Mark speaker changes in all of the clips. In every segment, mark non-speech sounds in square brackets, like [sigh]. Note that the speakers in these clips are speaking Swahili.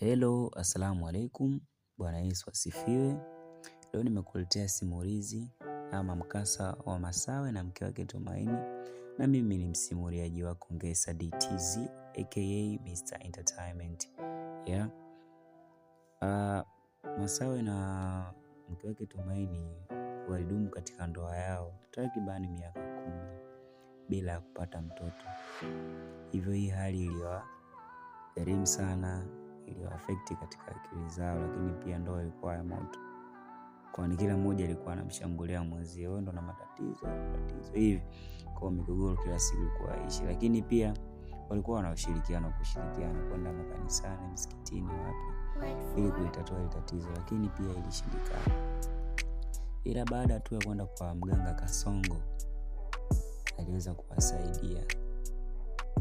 Speaker 1: Hello, assalamu alaikum. Bwana Yesu asifiwe. Leo nimekuletea simulizi ama mkasa wa Masawe na mke wake Tumaini, na mimi ni msimuliaji wako Ngesa DTZ aka Mr Entertainment. Yeah. Uh, Masawe na mke wake Tumaini walidumu katika ndoa yao takribani miaka kumi bila ya kupata mtoto, hivyo hii hali iliwa gharimu sana iliwaafekti katika akili zao, lakini pia ndoa ilikuwa ya moto, kwani kila mmoja alikuwa anamshambulia mwenzie, wewe ndo na matatizo matatizo hivi, kwa migogoro kila siku ilikuwa ishi. Lakini pia walikuwa wana ushirikiano, kushirikiana kwenda makanisani, msikitini, wapi, ili kuitatua ile tatizo, lakini pia ilishindikana. Ila baada tu ya kwenda kwa mganga Kasongo aliweza kuwasaidia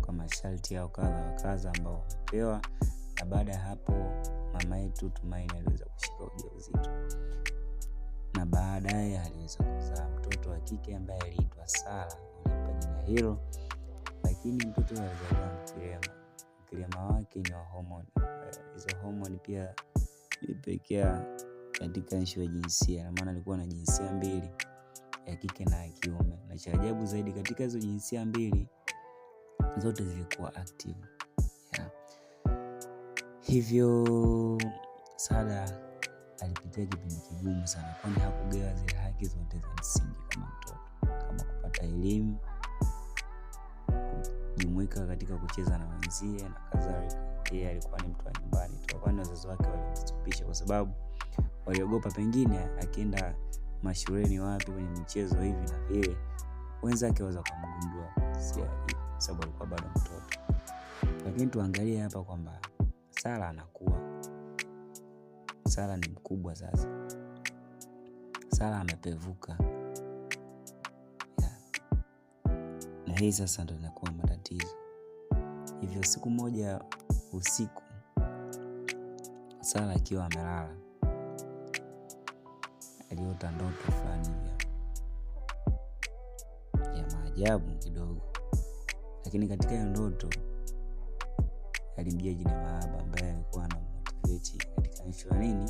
Speaker 1: kwa masharti yao kadha wa kadha ambao wamepewa na baada ya hapo mama yetu Tumaini aliweza kushika uzito na baadaye aliweza kuzaa mtoto wa kike ambaye aliitwa Sara, alimpa jina hilo, lakini mtoto alizaliwa mkirema. mkirema wake ni wa Hizo homoni pia ilipekea katika nshu ya jinsia, namaana alikuwa na jinsia mbili ya kike na ya kiume, na cha ajabu zaidi katika hizo jinsia mbili zote zilikuwa active yeah. Hivyo Sada alipitia kipindi kigumu sana, kwani hakugewa zile haki zote za msingi kama mtoto, kama kupata elimu, kujumuika katika kucheza na wenzie na kadhalika. Yeye alikuwa ni mtu wa nyumbani tu, kwani wazazi wake walimstupisha kwa sababu waliogopa pengine akienda mashuleni wapi kwenye michezo hivi na vile wenzake waweza kumgundua, sababu alikuwa bado mtoto. Lakini tuangalie hapa kwamba Sara anakuwa, Sara ni mkubwa sasa, Sara amepevuka yeah. Na hii sasa ndo inakuwa matatizo. Hivyo siku moja usiku, Sara akiwa amelala, aliota ndoto fulani ya maajabu kidogo, lakini katika hiyo ndoto aliingia jina Mahaba ambaye alikuwa na motivate katika nchi nini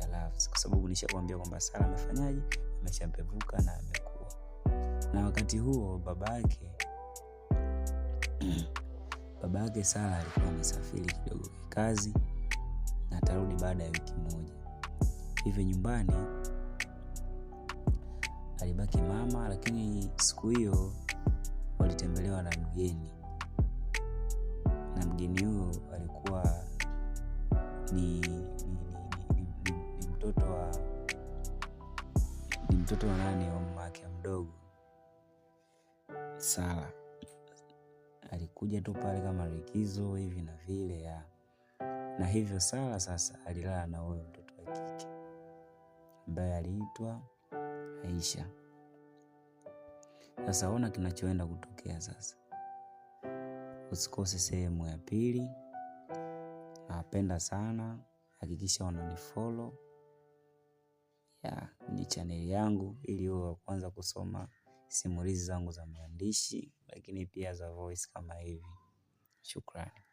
Speaker 1: ya Love, kwa sababu nishakwambia kwamba Sara amefanyaje, ameshapevuka na amekuwa. Na wakati huo babake [clears throat] yake Sara alikuwa amesafiri kidogo kikazi na atarudi baada ya wiki moja hivyo nyumbani alibaki mama, lakini siku hiyo walitembelewa na mgeni ni mtoto wa ni mtoto wa nani wa mamake mdogo Sara alikuja tu pale kama likizo hivi na vile ya na hivyo Sara sasa alilala na huyo mtoto wa kike ambaye aliitwa Aisha. Sasa ona kinachoenda kutokea sasa. Usikose sehemu ya pili. Nawapenda sana hakikisha unanifollow ya ni chaneli yangu ili uwe wa kwanza kusoma simulizi zangu za maandishi, lakini pia za voice kama hivi. Shukrani.